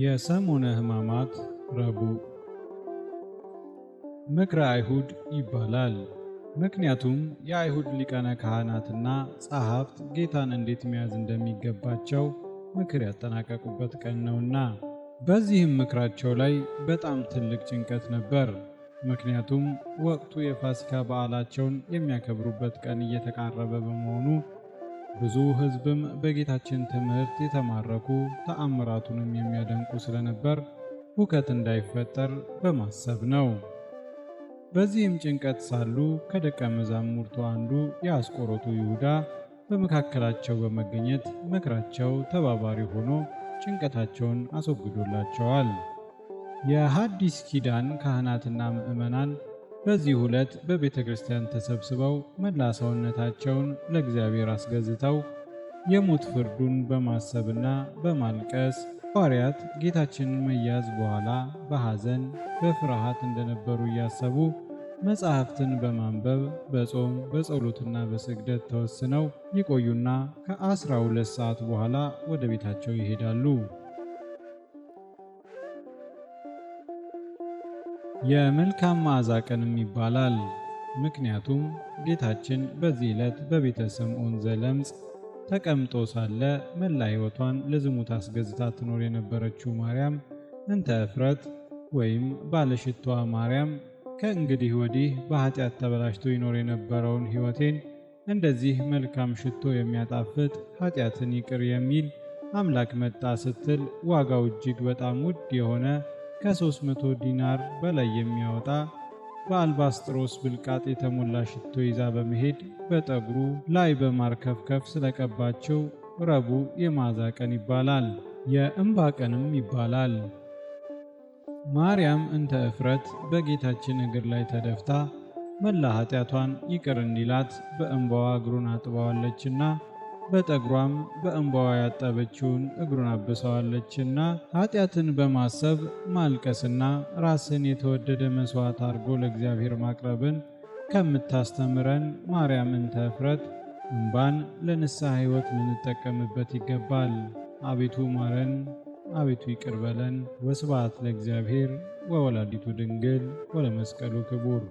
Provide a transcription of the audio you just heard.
የሰሙነ ሕማማት ረቡዕ ምክረ አይሁድ ይባላል። ምክንያቱም የአይሁድ ሊቃነ ካህናትና ጸሐፍት ጌታን እንዴት መያዝ እንደሚገባቸው ምክር ያጠናቀቁበት ቀን ነውና። በዚህም ምክራቸው ላይ በጣም ትልቅ ጭንቀት ነበር። ምክንያቱም ወቅቱ የፋሲካ በዓላቸውን የሚያከብሩበት ቀን እየተቃረበ በመሆኑ ብዙ ሕዝብም በጌታችን ትምህርት የተማረኩ ተአምራቱንም የሚያደንቁ ስለነበር ሁከት እንዳይፈጠር በማሰብ ነው። በዚህም ጭንቀት ሳሉ ከደቀ መዛሙርቱ አንዱ የአስቆሮቱ ይሁዳ በመካከላቸው በመገኘት ምክራቸው ተባባሪ ሆኖ ጭንቀታቸውን አስወግዶላቸዋል። የሐዲስ ኪዳን ካህናትና ምዕመናን በዚህ ዕለት በቤተ ክርስቲያን ተሰብስበው መላ ሰውነታቸውን ለእግዚአብሔር አስገዝተው የሞት ፍርዱን በማሰብና በማልቀስ ሐዋርያት ጌታችንን መያዝ በኋላ በሐዘን በፍርሃት እንደነበሩ እያሰቡ መጻሕፍትን በማንበብ በጾም በጸሎትና በስግደት ተወስነው ይቆዩና ከአስራ ሁለት ሰዓት በኋላ ወደ ቤታቸው ይሄዳሉ። የመልካም መዓዛ ቀንም ይባላል። ምክንያቱም ጌታችን በዚህ ዕለት በቤተ ስምዖን ዘለምጽ ተቀምጦ ሳለ መላ ሕይወቷን ለዝሙት አስገዝታ ትኖር የነበረችው ማርያም እንተ እፍረት ወይም ባለሽቷ ማርያም ከእንግዲህ ወዲህ በኃጢአት ተበላሽቶ ይኖር የነበረውን ሕይወቴን እንደዚህ መልካም ሽቶ የሚያጣፍጥ ኃጢአትን ይቅር የሚል አምላክ መጣ ስትል ዋጋው እጅግ በጣም ውድ የሆነ ከ300 ዲናር በላይ የሚያወጣ በአልባስጥሮስ ብልቃጥ የተሞላ ሽቶ ይዛ በመሄድ በጠጉሩ ላይ በማርከፍከፍ ስለቀባቸው ረቡዕ የመዓዛ ቀን ይባላል። የእንባ ቀንም ይባላል። ማርያም እንተ እፍረት በጌታችን እግር ላይ ተደፍታ መላ ኃጢአቷን ይቅር እንዲላት በእንባዋ እግሩን አጥባዋለችና በጠጉሯም በእንባዋ ያጠበችውን እግሩን አብሰዋለችና ኃጢአትን በማሰብ ማልቀስና ራስን የተወደደ መሥዋዕት አድርጎ ለእግዚአብሔር ማቅረብን ከምታስተምረን ማርያም እንተ እፍረት እምባን ለንስሐ ሕይወት ልንጠቀምበት ይገባል። አቤቱ ማረን፣ አቤቱ ይቅር በለን። ወስብሐት ለእግዚአብሔር ወወላዲቱ ድንግል ወለመስቀሉ ክቡር